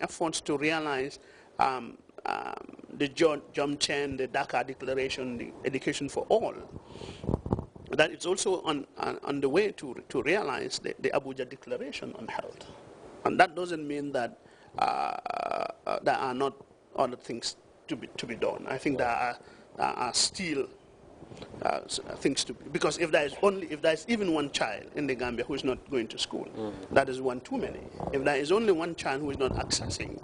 efforts to realize um, um, the John, John Chen, the Dhaka Declaration, the Education for All, that it's also on, on, on the way to, to realize the, the, Abuja Declaration on Health. And that doesn't mean that uh, uh there are not other things to be, to be done. I think there are, there are still uh, uh, things to because if there is only if there is even one child in the Gambia who is not going to school, mm. that is one too many. If there is only one child who is not accessing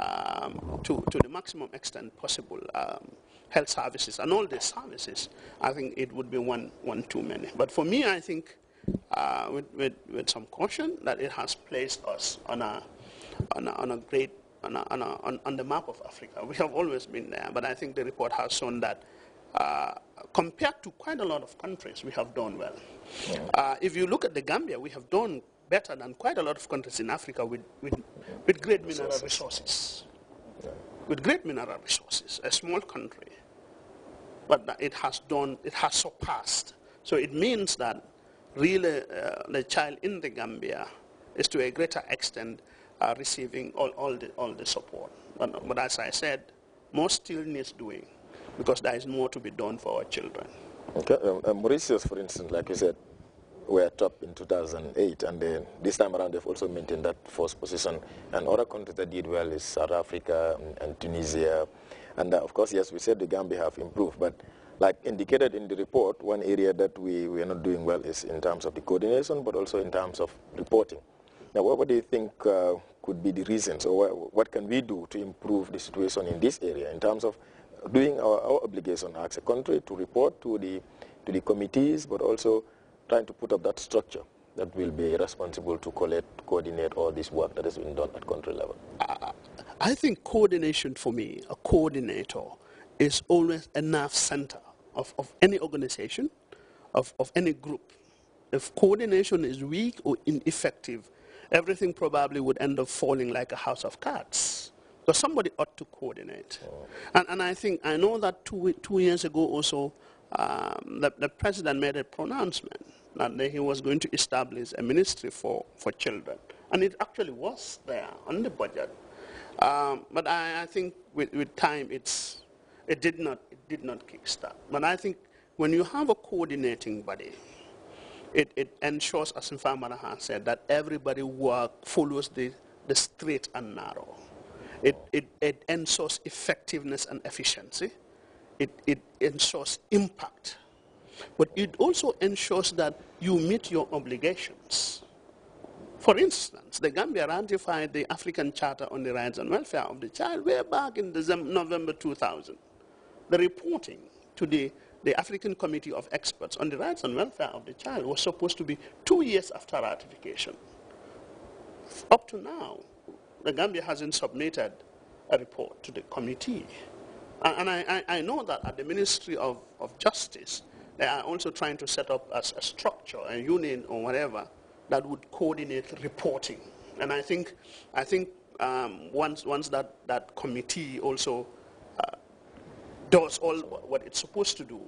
um, to to the maximum extent possible um, health services and all these services, I think it would be one one too many. But for me, I think uh, with, with with some caution that it has placed us on a on a, on a great on, a, on, a, on, on the map of Africa. We have always been there, but I think the report has shown that uh, compared to quite a lot of countries, we have done well. Uh, if you look at the Gambia, we have done better than quite a lot of countries in Africa with, with, with great mineral resources. Yeah. With great mineral resources, a small country. But it has done, it has surpassed. So it means that really uh, the child in the Gambia is to a greater extent uh, receiving all, all, the, all the support. But, but as I said, more still needs doing because there is more to be done for our children. Okay. Um, uh, Mauritius, for instance, like you said, were top in 2008, and then this time around they've also maintained that first position. And other countries that did well is South Africa and, and Tunisia. And uh, of course, yes, we said the Gambia have improved, but like indicated in the report, one area that we, we are not doing well is in terms of the coordination, but also in terms of reporting. Now, what, what do you think uh, could be the reasons, or what can we do to improve the situation in this area in terms of doing our, our obligation as a country to report to the, to the committees, but also trying to put up that structure that will be responsible to collect, coordinate all this work that has been done at country level? I, I think coordination for me, a coordinator, is always a nerve center of, of any organization, of, of any group. If coordination is weak or ineffective, everything probably would end up falling like a house of cards. Because somebody ought to coordinate. Oh. And, and I think, I know that two, two years ago also, um, the, the president made a pronouncement that he was going to establish a ministry for, for children. And it actually was there on the budget. Um, but I, I think with, with, time, it's, it did not, it did not kickstart. But I think when you have a coordinating body, it, it ensures, as Infamana has said, that everybody work follows the, the straight and narrow. It, it, it ensures effectiveness and efficiency. It, it ensures impact. But it also ensures that you meet your obligations. For instance, the Gambia ratified the African Charter on the Rights and Welfare of the Child way back in December, November 2000. The reporting to the, the African Committee of Experts on the Rights and Welfare of the Child was supposed to be two years after ratification. Up to now, the Gambia hasn't submitted a report to the committee. And I, I, know that at the Ministry of, of Justice, they are also trying to set up a, a structure, a union or whatever, that would coordinate reporting. And I think, I think um, once, once that, that committee also uh, does all what it's supposed to do,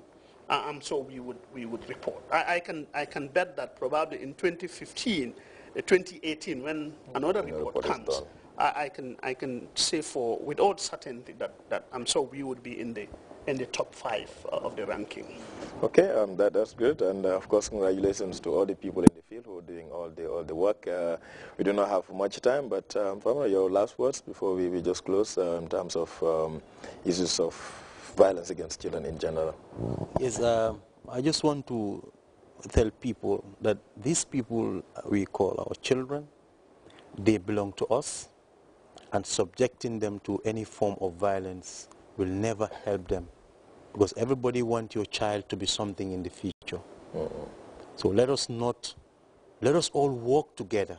um, so we would, we would report. I, I, can, I can bet that probably in 2015, uh, 2018, when another report comes, I, I, can, I can say for, with all certainty that, that I'm sure we would be in the, in the top five uh, of the ranking. Okay, um, that, that's good. And uh, of course, congratulations to all the people in the field who are doing all the, all the work. Uh, we do not have much time, but um, your last words before we, we just close uh, in terms of um, issues of violence against children in general. Yes, um, I just want to tell people that these people we call our children, they belong to us and subjecting them to any form of violence will never help them because everybody wants your child to be something in the future. Mm -hmm. So let us not, let us all work together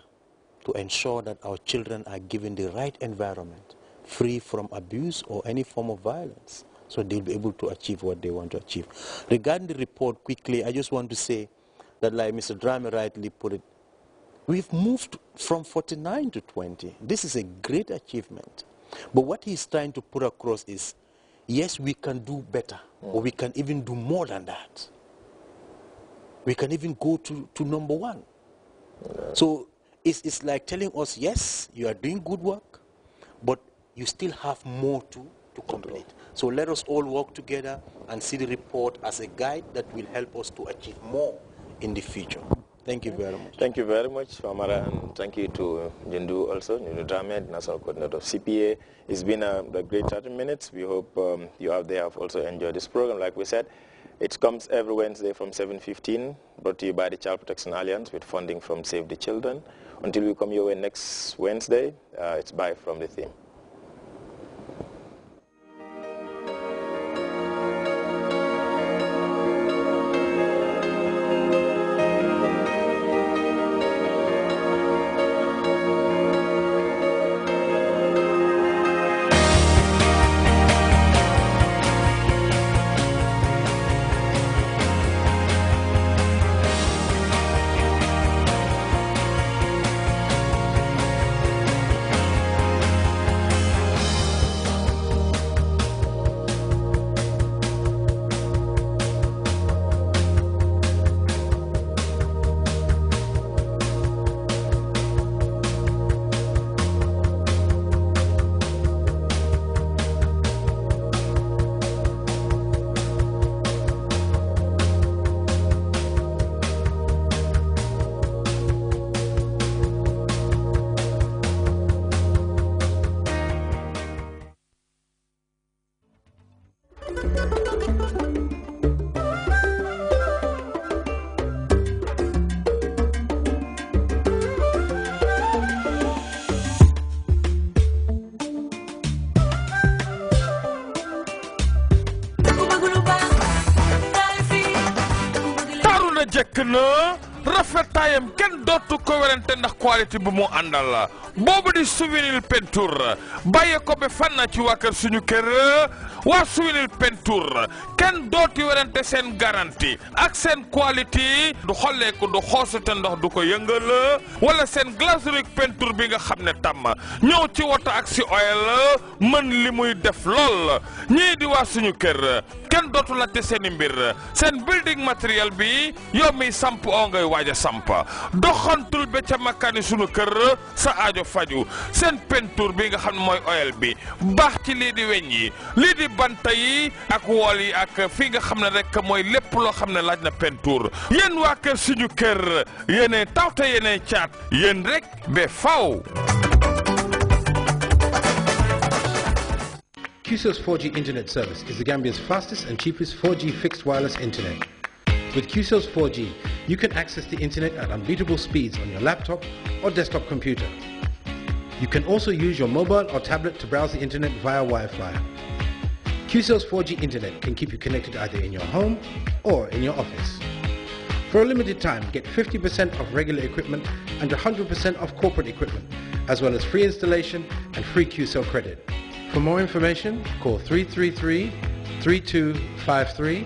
to ensure that our children are given the right environment, free from abuse or any form of violence, so they'll be able to achieve what they want to achieve. Regarding the report, quickly, I just want to say that like Mr. Drame rightly put it, We've moved from 49 to 20. This is a great achievement. But what he's trying to put across is, yes, we can do better, mm. or we can even do more than that. We can even go to, to number one. Yeah. So it's, it's like telling us, yes, you are doing good work, but you still have more to, to complete. So let us all work together and see the report as a guide that will help us to achieve more in the future. Thank you very much. Thank you very much, Famara, and thank you to Jindu also, Jindu Dramed, National Coordinator of CPA. It's been a, uh, a great 30 minutes. We hope um, you out there have also enjoyed this program. Like we said, it comes every Wednesday from 7.15, brought to you by the Child Protection Alliance with funding from Save the Children. Until we come your way next Wednesday, uh, it's bye from the theme. jekk na rafetaayam kenn dootu ko werante ndax qualité bu mu àndal boobu di souvenir peinture bàyyee ko ba fan na ci waa kër suñu kër waa souvenir peinture kenn dooti werante seen garantie ak seen qualité du xolleeku du xoosute ndox du ko yëngal wala seen glasurique peinture bi nga xam ne tam ñëw ci woto ak si oil mën li muy def lool ñii di waa suñu kër kenn dootu la te seen mbir seen building matériel bi yow miy samp oo ngay waaj a sampa doxantul ba ca makkaani suñu kër sa ajo faju seen pentur bi nga xam ne mooy oyel bi baax ci lii di weñ yi lii di banta yi ak wool yi ak fii nga xam ne rek mooy lépp loo xam ne laaj na pentur yéen waa kër suñu kër yéenay taw te yéenay caat yéen rek ba faw QCell's 4G internet service With QCell's 4G, you can access the internet at unbeatable speeds on your laptop or desktop computer. You can also use your mobile or tablet to browse the internet via Wi-Fi. QCell's 4G internet can keep you connected either in your home or in your office. For a limited time, get 50% off regular equipment and 100% off corporate equipment, as well as free installation and free QCell credit. For more information, call 333 3253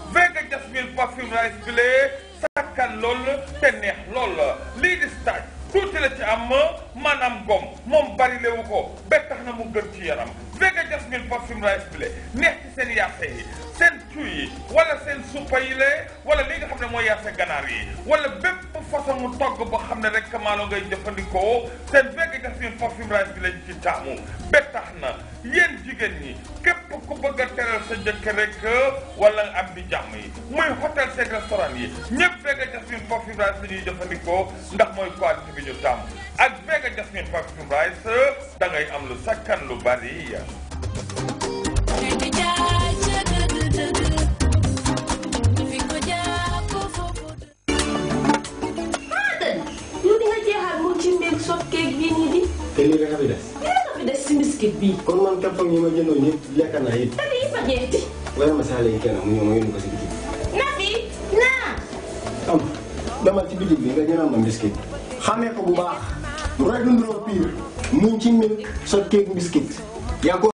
def huile parfum rice blé sakkan lool te neex lool lii di stage tuuti la am am maanaam gom moom bari lewu ko ba tax na mu gën ci yaram vega jasmine parfum rice blé neex ci sen yaase sen seen yi wala sen suppa yi le wala li nga xam mooy yaase ganaar yi wala bépp façon mu togg bo xamne rek ka malo ngay jëfëndiko seen fekk nga fi parfum rice bi lañ ci taamu be taxna yeen jigen ñi képp ku bëgg a teral sa jëkk rek wala am di jàmm yi muy hôtel seen restaurant yi ñëpp fekk nga fi parfum rice lañuy jëfëndiko ndax mooy qualité bi ñu taamu ak fekk nga fi parfum rice da ngay am lu sakkan lu bari ya. te lii rek a fi des. lii fi si biscuit bii. kon man kàpp yi ma jëndoo ñëpp lekk naa it. te lii spaghetti. wala ma saale yi kenn mu ñëw ko si bitig naa. am dama ci bitig bi nga jëndal ma biscuit. xamee ko bu baax. rek nduroo pire. ci milk sot cake biscuit. yaa